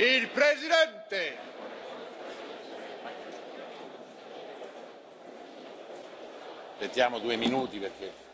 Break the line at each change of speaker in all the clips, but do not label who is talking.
Il presidente! Aspettiamo due minuti perché.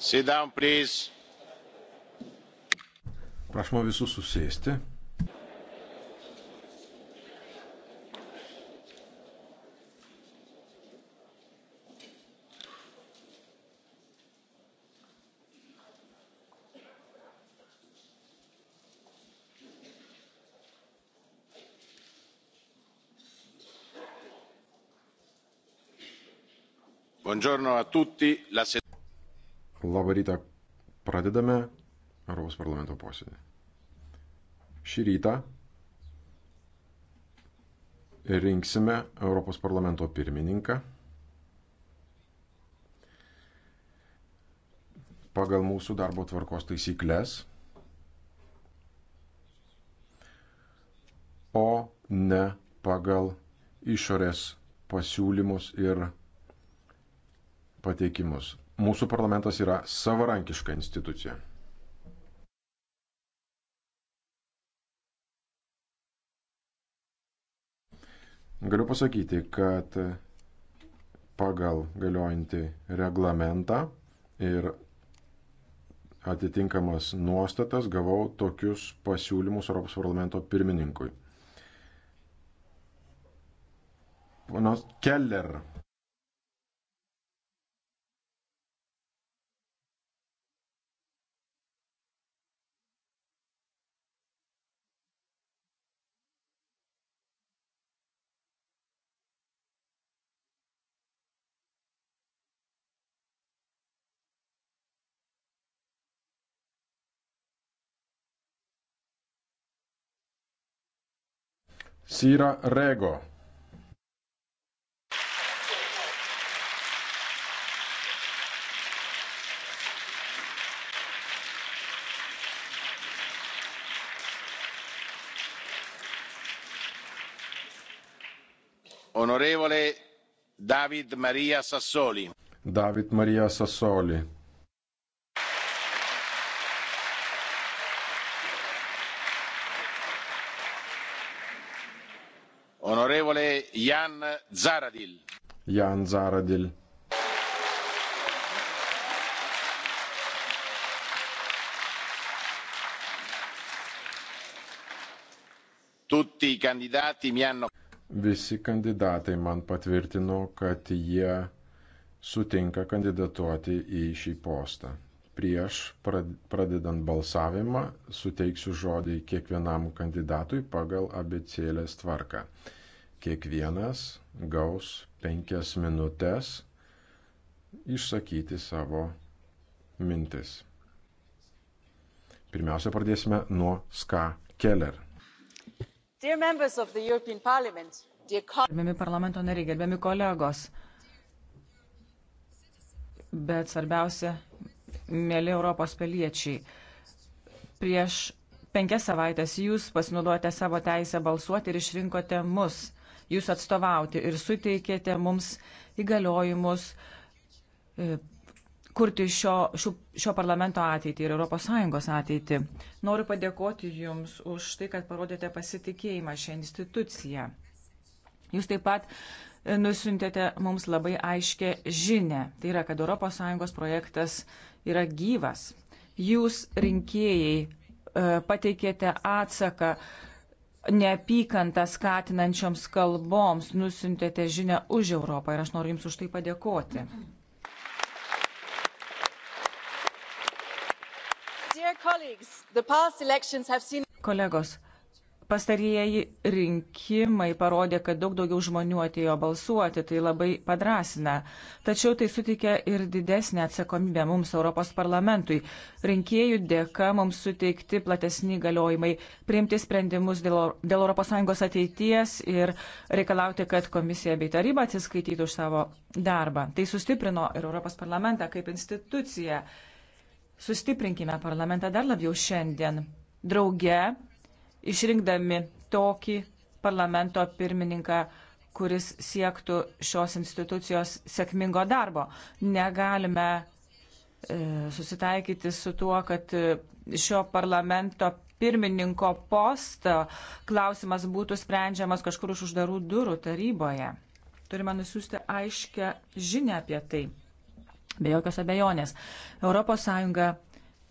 Sit down, please.
Prašoma visus susėsti.
buongiorno a tutti la seduta è ripresa.
Labą rytą. Pradedame Europos parlamento posėdį. Šį rytą rinksime Europos parlamento pirmininką. Pagal mūsų darbo tvarkos taisyklės o ne pagal išorės pasiūlymus ir pateikimus. Mūsų parlamentas yra savarankiška institucija. Galiu pasakyti, kad pagal galiojantį reglamentą ir atitinkamas nuostatas gavau tokius pasiūlymus Europos parlamento pirmininkui. Ponas Keller Syra Rego.
Onorevole David Maria Sassoli.
David Maria Sassoli.
onorevole Jan Zaradil.
Jan Zaradil.
Tutti i candidati mi hanno.
Visi kandidatai man patvirtino, kad jie sutinka kandidatuoti į šį postą. Prieš pradedant balsavimą suteiksiu žodį kiekvienam kandidatui pagal abicėlės tvarką. Kiekvienas gaus penkias minutės išsakyti savo mintis. Pirmiausia, pradėsime nuo Ska Keller.
Gerbiami parlamento nariai, gerbiami kolegos, bet svarbiausia, mėly Europos piliečiai, prieš penkias savaitės jūs pasinaudojate savo teisę balsuoti ir išrinkote mus jūs atstovauti ir suteikėte mums įgaliojimus e, kurti šio, šio, šio parlamento ateitį ir ES ateitį. Noriu padėkoti Jums už tai, kad parodėte pasitikėjimą šią instituciją. Jūs taip pat e, nusintėte mums labai aiškę žinę. Tai yra, kad ES projektas yra gyvas. Jūs rinkėjai e, pateikėte atsaką neapykantą skatinančioms kalboms nusintėte žinę už Europą ir aš noriu Jums už tai padėkoti. Kolegos, Pastarieji rinkimai parodė, kad daug daugiau žmonių atėjo balsuoti, tai labai padrasina. Tačiau tai suteikia ir didesnę atsakomybę mums, Europos parlamentui. Rinkėjų dėka mums suteikti platesni galiojimai priimti sprendimus dėl, dėl ES ateities ir reikalauti, kad komisija bei taryba atsiskaitytų už savo darbą. Tai sustiprino ir Europos parlamentą kaip instituciją. Sustiprinkime parlamentą dar labiau šiandien. Drauge išrinkdami tokį parlamento pirmininką, kuris siektų šios institucijos sėkmingo darbo. Negalime e, susitaikyti su tuo, kad e, šio parlamento pirmininko posto klausimas būtų sprendžiamas kažkur už uždarų durų taryboje. Turime nusiųsti aiškę žinę apie tai. Be jokios abejonės. ES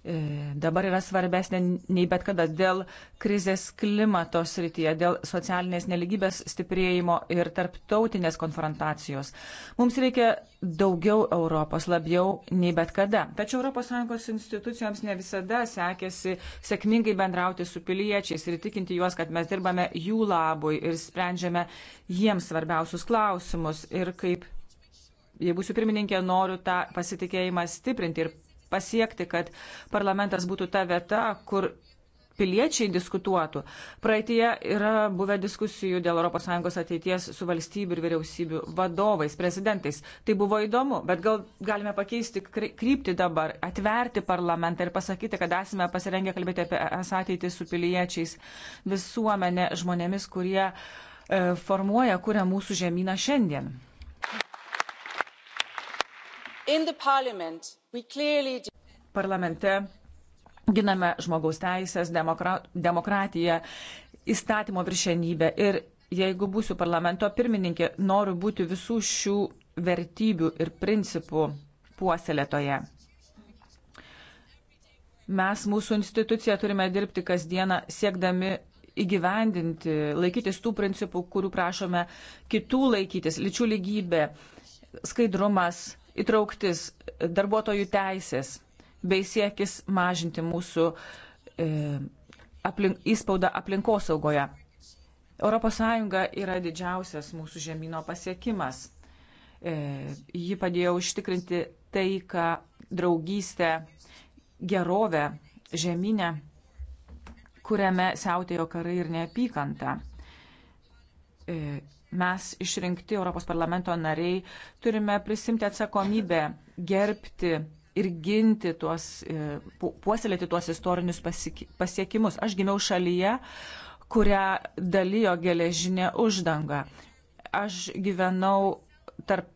E, dabar yra svarbesnė nei bet kada dėl krizės klimato srityje, dėl socialinės neligybės stiprėjimo ir tarptautinės konfrontacijos. Mums reikia daugiau Europos, labiau nei bet kada. Tačiau ES institucijoms ne visada sekėsi sėkmingai bendrauti su piliečiais ir įtikinti juos, kad mes dirbame jų labui ir sprendžiame jiems svarbiausius klausimus ir kaip jei būsiu pirmininkė, noriu tą pasitikėjimą stiprinti ir pasiekti, kad parlamentas būtų ta vieta, kur piliečiai diskutuotų. Praeitie yra buvę diskusijų dėl ES ateities su valstybių ir vyriausybių vadovais, prezidentais. Tai buvo įdomu, bet gal galime pakeisti kryptį dabar, atverti parlamentą ir pasakyti, kad esame pasirengę kalbėti apie es ateitį su piliečiais, visuomenė, žmonėmis, kurie e, formuoja, kuria mūsų žemyną šiandien. Parlamente giname žmogaus teisės, demokra demokratiją, įstatymo viršenybę ir jeigu būsiu parlamento pirmininkė, noriu būti visų šių vertybių ir principų puoselėtoje. Mes mūsų institucija turime dirbti kasdieną siekdami įgyvendinti, laikytis tų principų, kurių prašome kitų laikytis - lyčių lygybė, skaidrumas, įtrauktis, darbuotojų teisės bei siekis mažinti mūsų e, aplink, įspaudą aplinkosaugoje. ES yra didžiausias mūsų žemynų pasiekimas. E, ji padėjo užtikrinti taiką, draugystę, gerovę žemynę, kuriame siautėjo karai ir neapykanta. E, mes išrinkti Europos parlamento nariai turime prisimti atsakomybę gerbti ir ginti tuos, e, puoselėti tuos istorinius pasiekimus. Aš gimiau šalyje, kurią dalyjo geležinė uždanga. Aš gyvenau tarp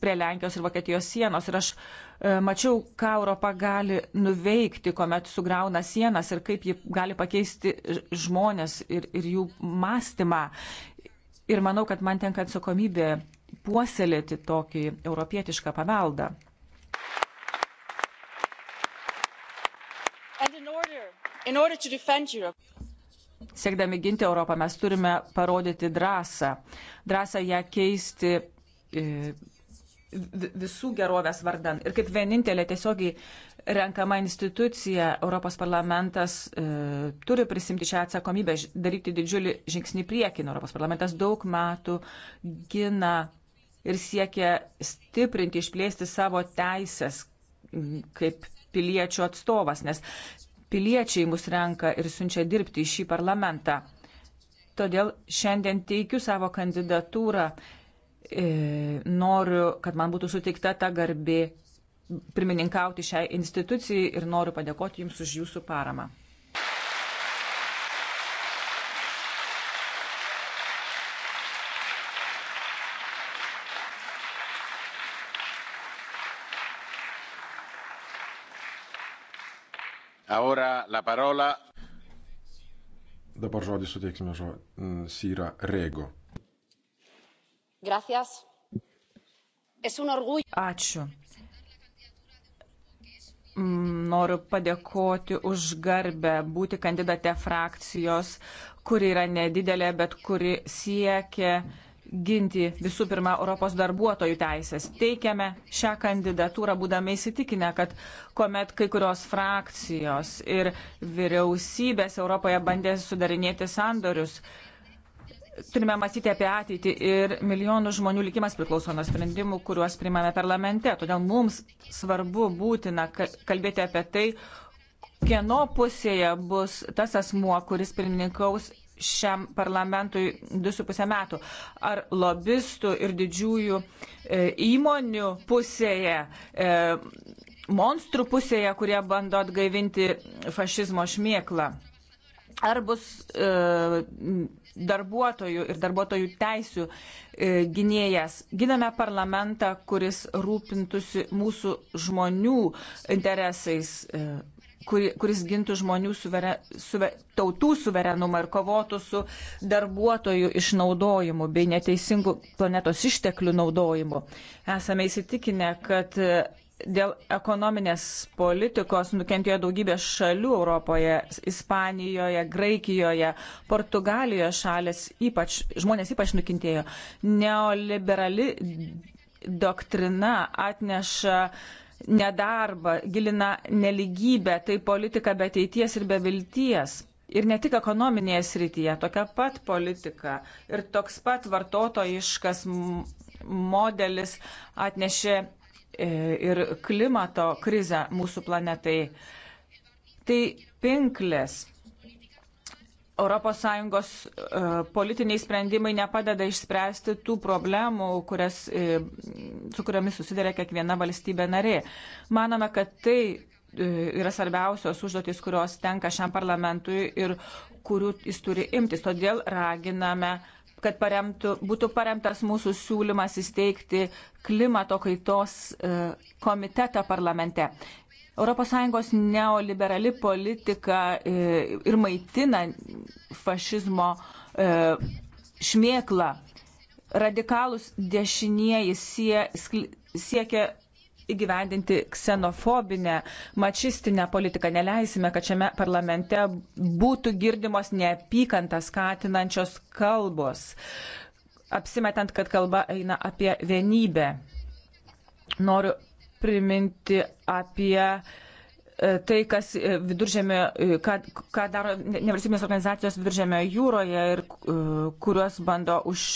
prie Lenkijos ir Vokietijos sienos. Ir aš e, mačiau, ką Europa gali nuveikti, kuomet sugrauna sienas ir kaip ji gali pakeisti žmonės ir, ir jų mąstymą. Ir manau, kad man tenka atsakomybė puoselėti tokį europietišką paveldą. Siekdami ginti Europą mes turime parodyti drąsą. Drąsą ją keisti e, visų gerovės vardan. Ir kaip vienintelė tiesiogiai renkama institucija, Europos parlamentas e, turi prisimti šią atsakomybę, daryti didžiulį žingsnį priekin. Europos parlamentas daug metų gina ir siekia stiprinti, išplėsti savo teisės kaip piliečių atstovas, nes piliečiai mus renka ir siunčia dirbti į šį parlamentą. Todėl šiandien teikiu savo kandidatūrą. E, noriu, kad man būtų suteikta ta garbė pirmininkauti šiai institucijai ir noriu padėkoti Jums už Jūsų paramą.
Dabar žodį suteiksime žo... Syra Rego.
Gracias.
Ačiū. Mm, noriu padėkoti už garbę būti kandidate frakcijos, kuri yra nedidelė, bet kuri siekia ginti visų pirma Europos darbuotojų teisės. Teikiame šią kandidatūrą, būdami įsitikinę, kad kuomet kai kurios frakcijos ir vyriausybės Europoje bandė sudarinėti sandorius, turime mąstyti apie ateitį ir milijonų žmonių likimas priklauso nuo sprendimų, kuriuos primame parlamente. Todėl mums svarbu būtina kalbėti apie tai, kieno pusėje bus tas asmuo, kuris pirmininkaus šiam parlamentui 2,5 metų. Ar lobistų ir didžiųjų e, įmonių pusėje, e, monstrų pusėje, kurie bando atgaivinti fašizmo šmėklą ar bus e, darbuotojų ir darbuotojų teisių e, gynėjas. Giname parlamentą, kuris rūpintusi mūsų žmonių interesais, e, kuri, kuris gintų žmonių suveren, suver, tautų suverenumą ir kovotų su darbuotojų išnaudojimu bei neteisingu planetos išteklių naudojimu. Esame įsitikinę, kad e, dėl ekonominės politikos nukentėjo daugybė šalių Europoje - Ispanijoje, Graikijoje, Portugalijoje šalės ypač, žmonės ypač nukentėjo. Neoliberali doktrina atneša nedarbą, gilina neligybę, tai politika be ateities ir be vilties. Ir ne tik ekonominėje srityje, tokia pat politika ir toks pat vartotojiškas modelis atnešė E, ir klimato krizę mūsų planetai. Tai pinklės. ES e, politiniai sprendimai nepadeda išspręsti tų problemų, kurias, e, su kuriomis susidarė kiekviena valstybė narė. Manome, kad tai yra svarbiausios užduotis, kurios tenka šiam parlamentui ir kurių jis turi imtis. Todėl raginame uh, kad paremtų, būtų paremtas mūsų siūlymas įsteigti klimato kaitos e, komitetą parlamente. ES neoliberali politika e, ir maitina fašizmo e, šmėklą. Radikalus dešinieji sie, siekia įgyvendinti ksenofobinę, mačistinę politiką. Neleisime, kad šiame parlamente būtų girdimos neapykantą skatinančios kalbos, apsimetant, kad kalba eina apie vienybę. Noriu priminti apie e, tai, kas e, viduržėmė, e, ką, ką daro nevalstybinės organizacijos viduržėmė jūroje ir kurios bando už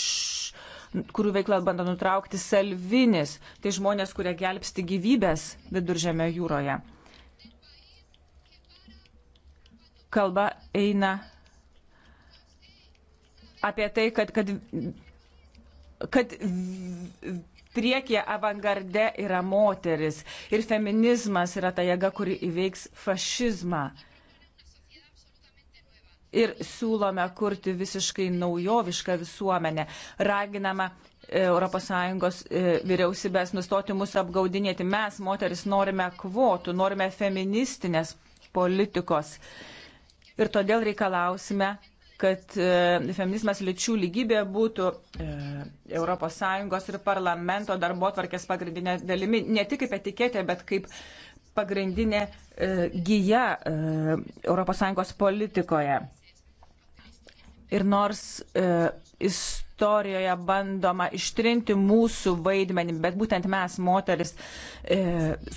kurių veiklą bando nutraukti salvinis. Tai žmonės, kurie gelbsti gyvybės viduržėme jūroje. Kalba eina apie tai, kad, kad, kad priekyje avangarde yra moteris ir feminizmas yra ta jėga, kuri įveiks fašizmą ir siūlome kurti visiškai naujovišką visuomenę. Raginama ES e, vyriausybės nustoti mus apgaudinėti. Mes, moteris, norime kvotų, norime feministinės politikos. Ir todėl reikalausime, kad e, feminizmas lyčių lygybė būtų ES ir parlamento darbo tvarkės pagrindinė dalimi. Ne tik kaip etiketė, bet kaip pagrindinė e, gyja ES politikoje. Ir nors e, istorijoje bandoma ištrinti mūsų vaidmenį, bet būtent mes, moteris, e,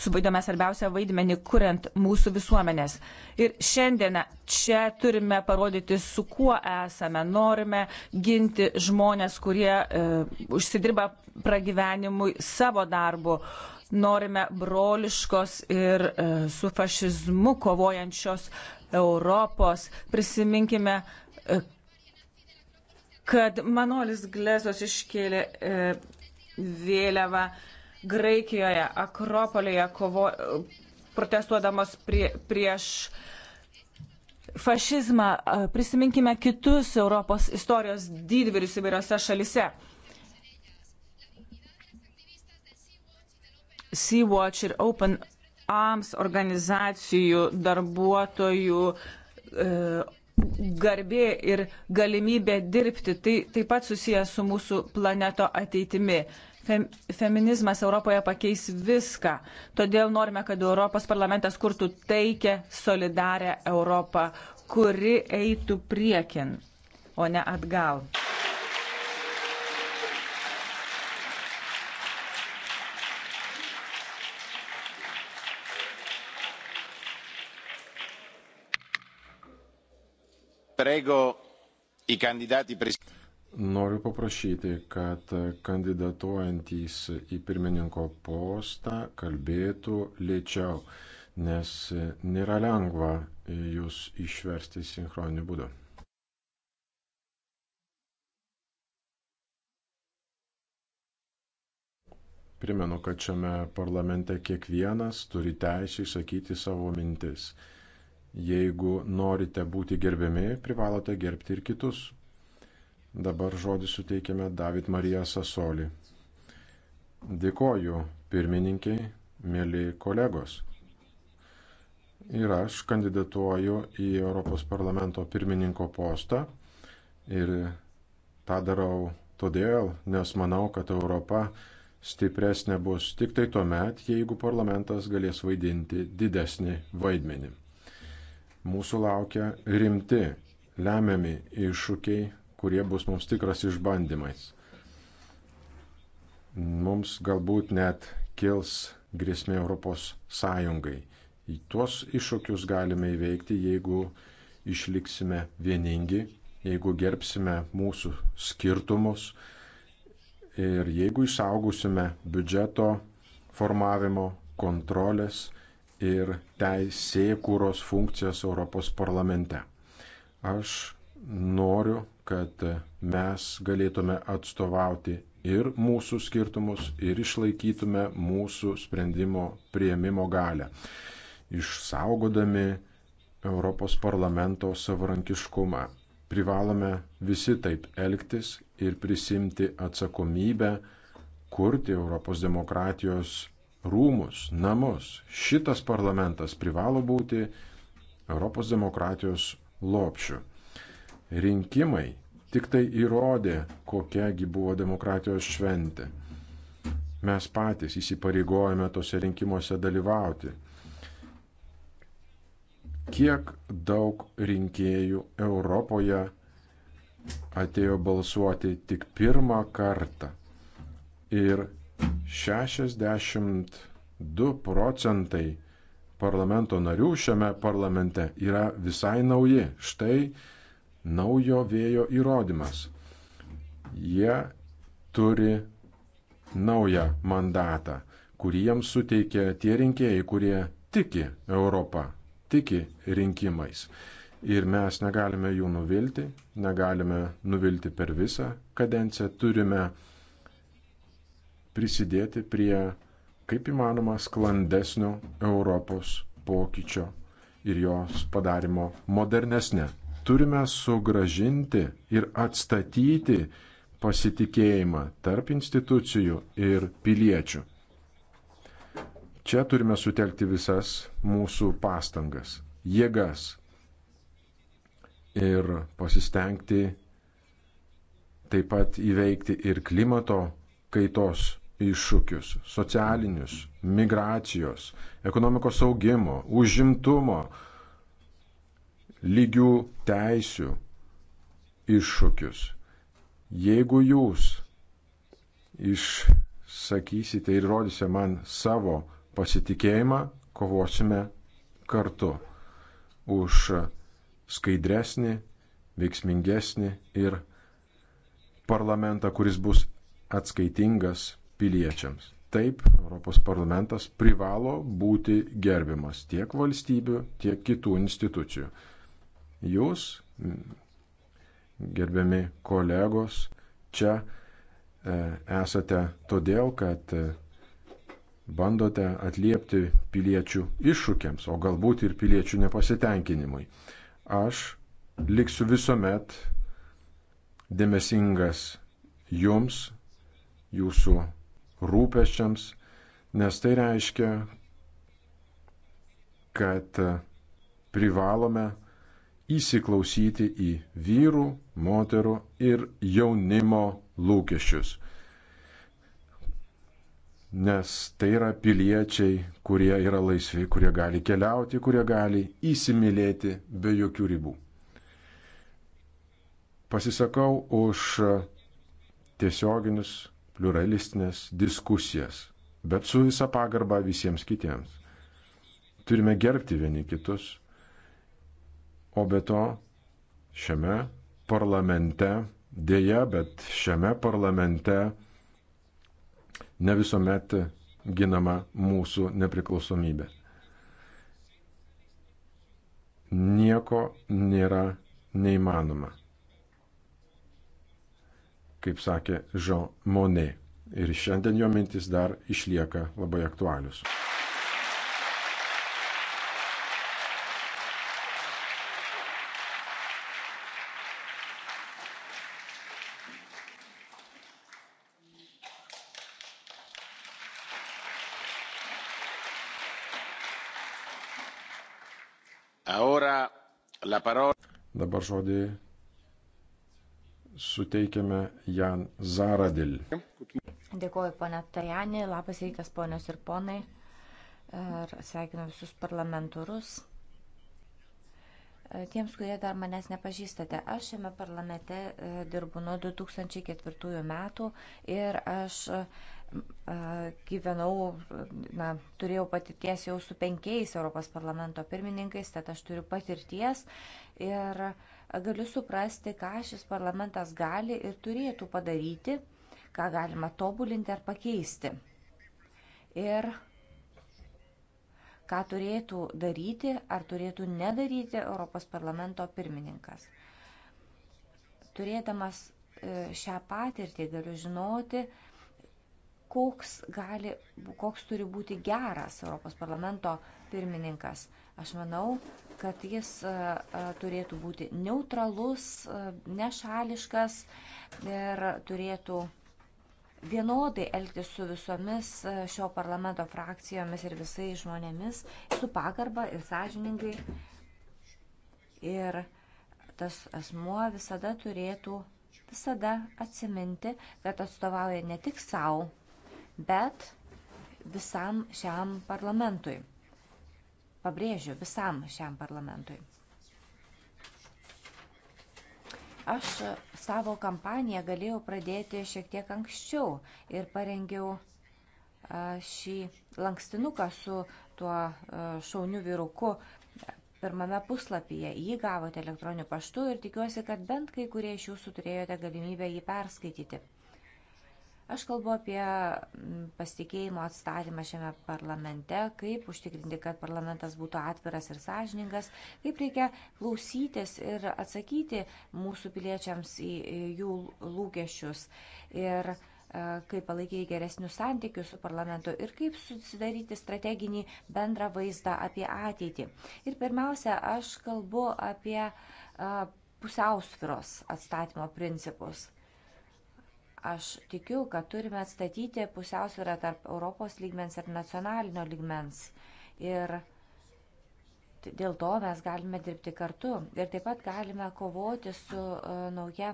suvaidome svarbiausią vaidmenį, kuriant mūsų visuomenės. Ir šiandieną čia turime parodyti, su kuo esame. Norime ginti žmonės, kurie e, užsidirba pragyvenimui savo darbu. Norime broliškos ir e, su fašizmu kovojančios Europos. Prisiminkime, e, kad Manolis Glezos iškėlė e, vėliavą Graikijoje, Akropolėje, kovo, protestuodamas prie, prieš fašizmą. E, prisiminkime kitus Europos istorijos didvyrius įvairiose šalise. Sea-Watch ir Open Arms organizacijų darbuotojų e, garbė ir galimybė dirbti. Tai taip pat susijęs su mūsų planeto ateitimi. Fem, feminizmas Europoje pakeis viską. Todėl norime, kad Europos parlamentas kurtų taikę, solidarę Europą, kuri eitų priekin, o ne atgal.
Prego i kandidati prezidenti.
Noriu paprašyti, kad kandidatuojantys į pirmininko postą kalbėtų lėčiau, nes nėra lengva jūs išversti sinchroniniu būdu. Primenu, kad šiame parlamente kiekvienas turi teisę išsakyti savo mintis. Jeigu norite būti gerbiami, privalote gerbti ir kitus. Dabar žodį suteikiame David Marija Sasoli. Dėkoju pirmininkiai, mėly kolegos. Ir aš kandidatuoju į Europos parlamento pirmininko postą ir tą darau todėl, nes manau, kad Europa stipresnė bus tik tai tuo met, jeigu parlamentas galės vaidinti didesnį vaidmenį. Mūsų laukia rimti, lemiami iššūkiai, kurie bus mums tikras išbandymais. Mums galbūt net kils grėsmė Europos Sąjungai. Į tuos iššūkius galime įveikti, jeigu išliksime vieningi, jeigu gerbsime mūsų skirtumus ir jeigu išsaugusime biudžeto formavimo kontrolės ir teisėkūros funkcijas Europos parlamente. Aš noriu, kad mes galėtume atstovauti ir mūsų skirtumus, ir išlaikytume mūsų sprendimo prieimimo galę, išsaugodami Europos parlamento savarankiškumą. Privalome visi taip elgtis ir prisimti atsakomybę kurti Europos demokratijos rūmus, namus. Šitas parlamentas privalo būti Europos demokratijos lopšiu. Rinkimai tik tai įrodė, kokiagi buvo demokratijos šventė. Mes patys įsipareigojame tose rinkimuose dalyvauti. Kiek daug rinkėjų Europoje atėjo balsuoti tik pirmą kartą ir 62 procentai parlamento narių šiame parlamente yra visai nauji. Štai naujo vėjo įrodymas. Jie turi naują mandatą, kurį jiems suteikė tie rinkėjai, kurie tiki Europą, tiki rinkimais. Ir mes negalime jų nuvilti, negalime nuvilti per visą kadenciją, turime prisidėti prie kaip įmanoma sklandesnio Europos pokyčio ir jos padarimo modernesnė. Turime sugražinti ir atstatyti pasitikėjimą tarp institucijų ir piliečių. Čia turime sutelkti visas mūsų pastangas, jėgas ir pasistengti taip pat įveikti ir klimato kaitos iššūkius - socialinius, migracijos, ekonomikos augimo, užimtumo, lygių teisių iššūkius. Jeigu jūs išsakysite ir rodysite man savo pasitikėjimą, kovosime kartu už skaidresnį, veiksmingesnį ir parlamentą, kuris bus atskaitingas piliečiams. Taip, Europos parlamentas privalo būti gerbiamas tiek valstybių, tiek kitų institucijų. Jūs, gerbiami kolegos, čia e, esate todėl, kad e, bandote atliepti piliečių iššūkiams, o galbūt ir piliečių nepasitenkinimui. Aš liksiu visuomet dėmesingas jums, jūsų rūpeščiams, nes tai reiškia, kad privalome įsiklausyti į vyrų, moterų ir jaunimo lūkesčius. Nes tai yra piliečiai, kurie yra laisvi, kurie gali keliauti, kurie gali įsimylėti be jokių ribų. Pasisakau už tiesioginius pluralistinės diskusijas, bet su visa pagarba visiems kitiems. Turime gerbti vieni kitus, o be to šiame parlamente, dėja, bet šiame parlamente ne visuomet ginama mūsų nepriklausomybė. Nieko nėra neįmanoma kaip sakė Jean Monnet. Ir šiandien jo mintis dar išlieka labai aktualius. Dabar žodį suteikiame Jan Zaradil.
Dėkuoju, ponė Tajani, labas rytas, ponios ir ponai. Ir sveikinu visus parlamentarus. Tiems, kurie dar manęs nepažįstate, aš šiame parlamente e, dirbu nuo 2004 metų ir aš e, e, gyvenau, na, turėjau patirties jau su penkiais Europos parlamento pirmininkais, tad aš turiu patirties ir uh, galiu suprasti, ką šis parlamentas gali ir turėtų padaryti, ką galima tobulinti ar pakeisti. Ir ką turėtų daryti ar turėtų nedaryti Europos parlamento pirmininkas. Turėdamas e, šią patirtį galiu žinoti, koks, gali, koks turi būti geras Europos parlamento pirmininkas. Aš manau, kad jis turėtų būti neutralus, nešališkas ir turėtų vienodai elgtis su visomis šio parlamento frakcijomis ir visais žmonėmis su pagarba ir sąžiningai. Ir tas asmuo visada turėtų visada atsiminti, kad atstovauja ne tik savo, bet visam šiam parlamentui. Pabrėžiu visam šiam parlamentui. Aš savo kampaniją galėjau pradėti šiek tiek anksčiau ir parengiau šį lankstinuką su tuo šauniu vyruku pirmame puslapyje. Jį gavote elektroniniu paštu ir tikiuosi, kad bent kai kurie iš jūsų turėjote galimybę jį perskaityti. Aš kalbu apie mm, pasitikėjimo atstatymą šiame parlamente, kaip užtikrinti, kad parlamentas būtų atviras ir sąžiningas, kaip reikia klausytis ir atsakyti mūsų piliečiams į jų lūkesčius. Ir e, kaip palaikyti geresnius santykius su parlamentu ir kaip susidaryti strateginį bendrą vaizdą apie ateitį. Ir pirmiausia, aš kalbu apie e, pusiausviros atstatymo principus. Aš tikiu, kad turime atstatyti pusiausvyrą tarp Europos lygmens ir nacionalinio lygmens. Ir dėl to mes galime dirbti kartu. Ir taip pat galime kovoti su uh, nauja,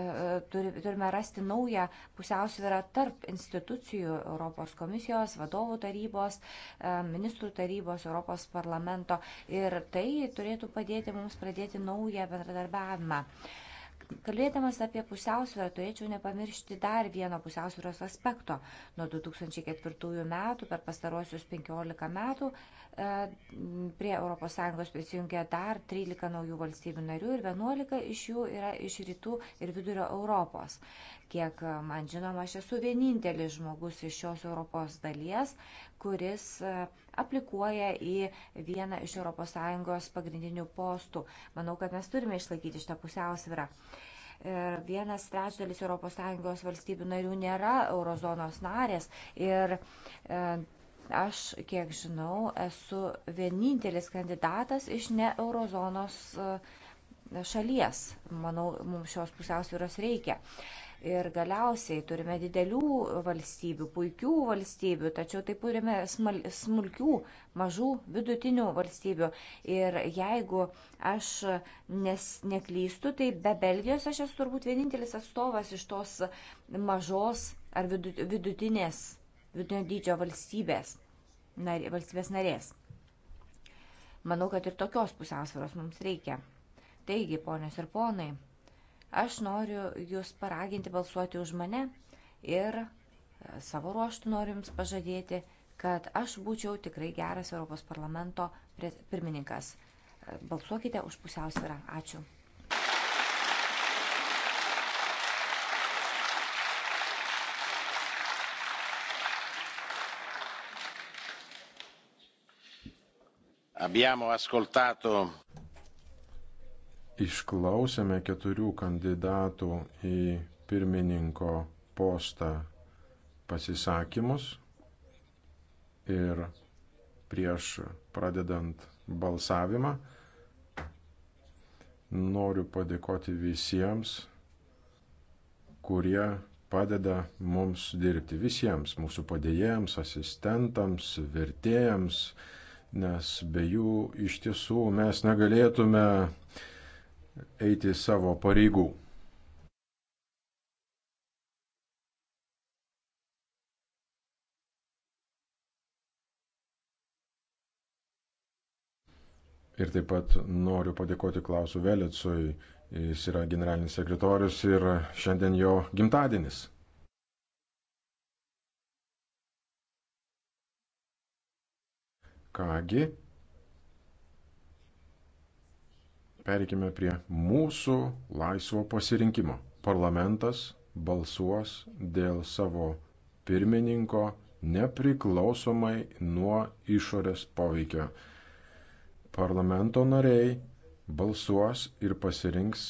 uh, turime rasti naują pusiausvyrą tarp institucijų Europos komisijos, vadovų tarybos, uh, ministrų tarybos, Europos parlamento. Ir tai turėtų padėti mums pradėti naują bendradarbiavimą. Uh, Kalbėdamas apie pusiausvyrą, turėčiau nepamiršti dar vieno pusiausvyros aspekto. Nuo 2004 metų per pastarosius 15 metų E, prie ES prisijungia dar 13 naujų valstybių narių ir 11 iš jų yra iš rytų ir vidurio Europos. Kiek man žinoma, aš esu vienintelis žmogus iš šios Europos dalies, kuris e, aplikuoja į vieną iš ES pagrindinių postų. Manau, kad mes turime išlaikyti šitą pusiausvyrą ir vienas trečdalis ES valstybių narių nėra eurozonos narės ir e, Aš, kiek žinau, esu vienintelis kandidatas iš ne eurozonos e, šalies. Manau, mums šios pusiausvyros reikia. Ir galiausiai turime didelių valstybių, puikių valstybių, tačiau taip turime smulkių, mažų, vidutinių valstybių. Ir jeigu aš nes, neklystu, tai be Belgijos aš esu turbūt vienintelis atstovas iš tos mažos ar vidutinės vidutinio dydžio valstybės, nar, valstybės narės. Manau, kad ir tokios pusiausvėros mums reikia. Taigi, ponios ir ponai, aš noriu jūs paraginti balsuoti už mane ir e, savo ruoštų noriu jums pažadėti, kad aš būčiau tikrai geras Europos parlamento pirmininkas. E, balsuokite už pusiausvyrą. Ačiū.
Abbiamo ascoltato.
Išklausėme keturių kandidatų į pirmininko postą pasisakymus ir prieš pradedant balsavimą noriu padėkoti visiems, kurie padeda mums dirbti, visiems mūsų padėjėjams, asistentams, vertėjams, nes be jų iš tiesų mes negalėtume eiti savo pareigų. Ir taip pat noriu padėkoti Klausu Velicui, jis yra generalinis sekretorius ir šiandien jo gimtadienis. Kągi, pereikime prie mūsų laisvo pasirinkimo. Parlamentas balsuos dėl savo pirmininko nepriklausomai nuo išorės poveikio. Parlamento nariai balsuos ir pasirinks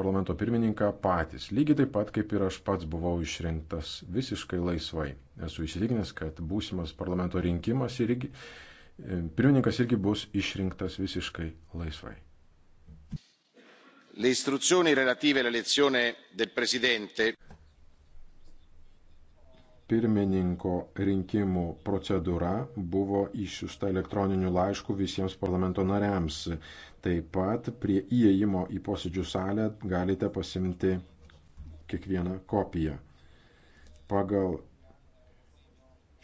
parlamento pirmininką patys. Lygiai taip pat, kaip ir aš pats buvau išrinktas visiškai laisvai. Esu įsitikinęs, kad būsimas parlamento rinkimas irgi pirmininkas irgi bus išrinktas visiškai laisvai.
Le istruzioni relative all'elezione del presidente
pirmininko rinkimų procedūra buvo išsiusta elektroniniu laišku visiems parlamento nariams. Taip pat prie įėjimo į posėdžių salę galite pasimti kiekvieną kopiją. Pagal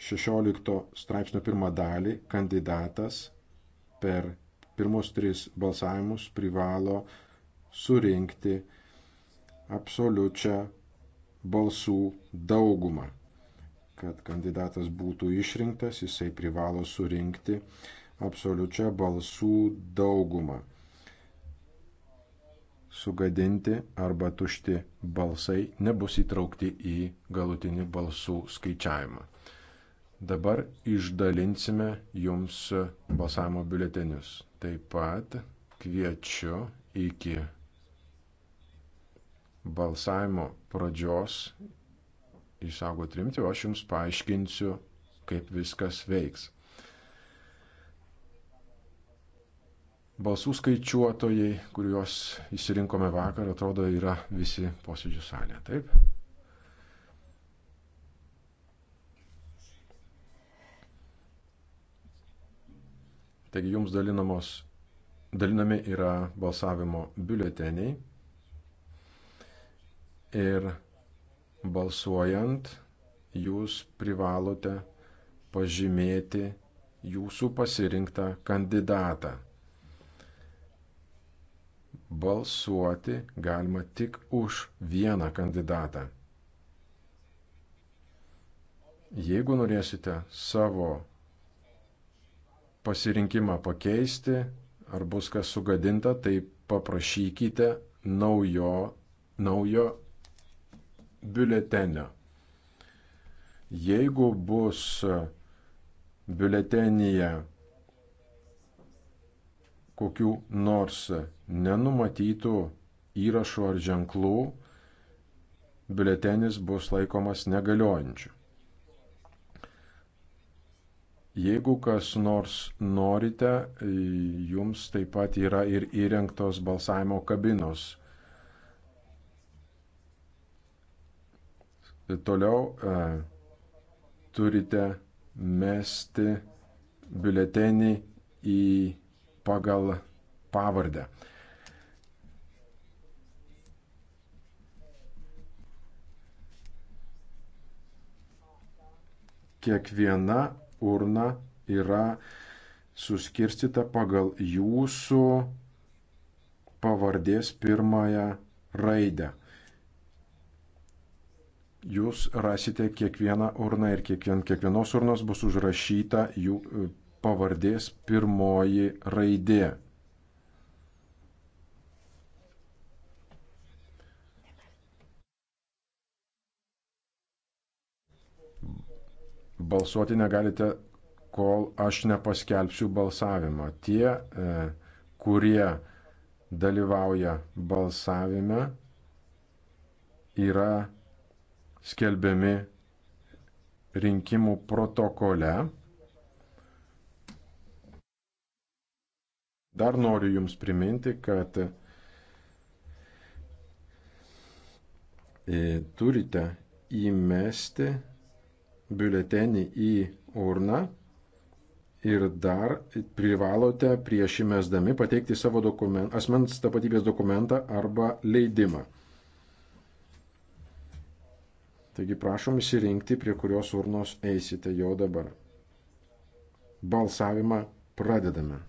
16 straipsnio pirmą dalį kandidatas per pirmus tris balsavimus privalo surinkti absoliučią balsų daugumą. Kad kandidatas būtų išrinktas, jisai privalo surinkti absoliučią balsų daugumą. Sugadinti arba tušti balsai nebus įtraukti į galutinį balsų skaičiavimą. Dabar išdalinsime jums balsavimo biuletenius. Taip pat kviečiu iki balsavimo pradžios išsaugoti rimti, o aš jums paaiškinsiu, kaip viskas veiks. Balsų skaičiuotojai, kuriuos įsirinkome vakar, atrodo, yra visi posėdžių salė, taip? Taigi jums dalinamos, dalinami yra balsavimo biuleteniai ir balsuojant jūs privalote pažymėti jūsų pasirinktą kandidatą. Balsuoti galima tik už vieną kandidatą. Jeigu norėsite savo pasirinkimą pakeisti, ar bus kas sugadinta, tai paprašykite naujo, naujo biuletenio. Jeigu bus biuletenyje kokių nors nenumatytų įrašų ar ženklų, biuletenis bus laikomas negaliojančiu. Jeigu kas nors norite, jums taip pat yra ir įrengtos balsavimo kabinos. Toliau e, turite mesti biuletenį į pagal pavardę. Kiekviena urna yra suskirstyta pagal jūsų pavardės pirmąją raidę. Jūs rasite kiekvieną urną ir kiekvien, kiekvienos urnos bus užrašyta jų e, pavardės pirmoji raidė. balsuoti negalite, kol aš nepaskelbsiu balsavimą. Tie, e, kurie dalyvauja balsavime, yra skelbiami rinkimų protokole. Dar noriu Jums priminti, kad e, turite įmesti biuletenį į urną ir dar privalote prieš įmesdami pateikti savo dokument, asmens tapatybės dokumentą arba leidimą. Taigi prašom įsirinkti, prie kurios urnos eisite jau dabar. Balsavimą pradedame.